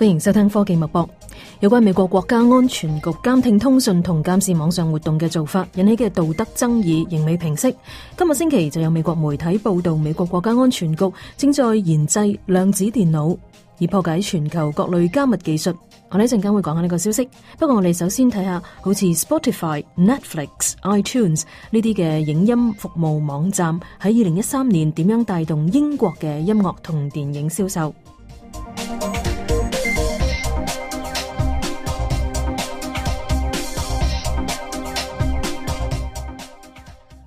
歡迎收聽科技脈搏。有關美國國家安全局監聽通訊同監視網上活動嘅做法，引起嘅道德爭議仍未平息。今個星期就有美國媒體報道，美國國家安全局正在研製量子電腦，以破解全球各類加密技術。我呢陣間會講下呢個消息。不過我哋首先睇下，好似 Spotify、Netflix、iTunes 呢啲嘅影音服務網站喺二零一三年點樣帶動英國嘅音樂同電影銷售。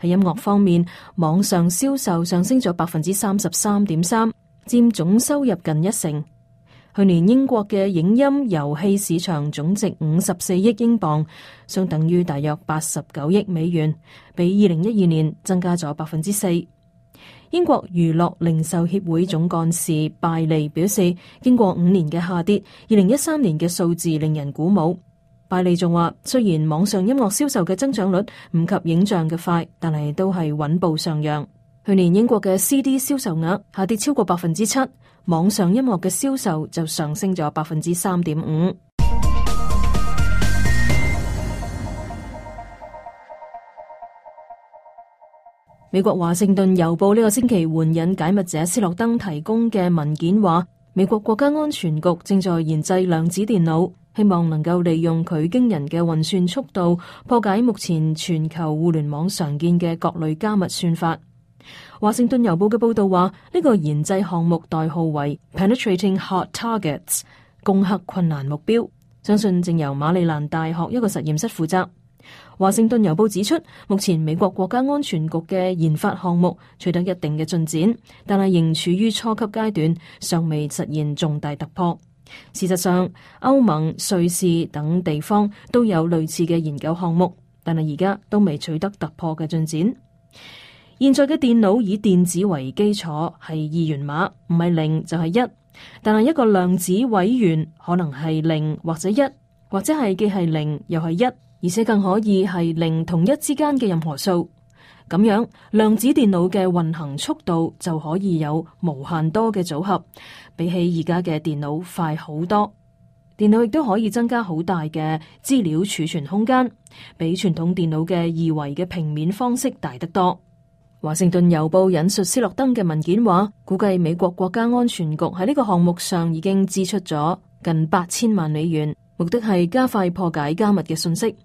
喺音樂方面，網上銷售上升咗百分之三十三點三，佔總收入近一成。去年英國嘅影音遊戲市場總值五十四億英鎊，相等於大約八十九億美元，比二零一二年增加咗百分之四。英國娛樂零售協會總幹事拜利表示，經過五年嘅下跌，二零一三年嘅數字令人鼓舞。拜利仲話：雖然網上音樂銷售嘅增長率唔及影像嘅快，但係都係穩步上揚。去年英國嘅 CD 銷售額下跌超過百分之七，網上音樂嘅銷售就上升咗百分之三點五。美國華盛頓郵報呢個星期援引解密者斯諾登提供嘅文件話，美國國家安全局正在研製量子電腦。希望能夠利用佢驚人嘅運算速度，破解目前全球互聯網常見嘅各類加密算法。華盛頓郵報嘅報道話，呢個研製項目代號為 Penetrating Hard Targets，攻克困難目標，相信正由馬里蘭大學一個實驗室負責。華盛頓郵報指出，目前美國國家安全局嘅研發項目取得一定嘅進展，但係仍處於初級階段，尚未實現重大突破。事實上，歐盟、瑞士等地方都有類似嘅研究項目，但係而家都未取得突破嘅進展。現在嘅電腦以電子為基礎，係二元碼，唔係零就係一。但係一個量子位元可能係零或者一，或者係既係零又係一，而且更可以係零同一之間嘅任何數。咁樣，量子電腦嘅運行速度就可以有無限多嘅組合，比起而家嘅電腦快好多。電腦亦都可以增加好大嘅資料儲存空間，比傳統電腦嘅二維嘅平面方式大得多。華盛頓郵報引述斯諾登嘅文件話，估計美國國家安全局喺呢個項目上已經支出咗近八千萬美元，目的係加快破解加密嘅信息。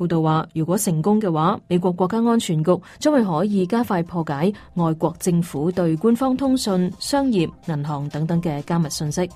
報道話，如果成功嘅話，美國國家安全局將會可以加快破解外國政府對官方通訊、商業、銀行等等嘅加密信息。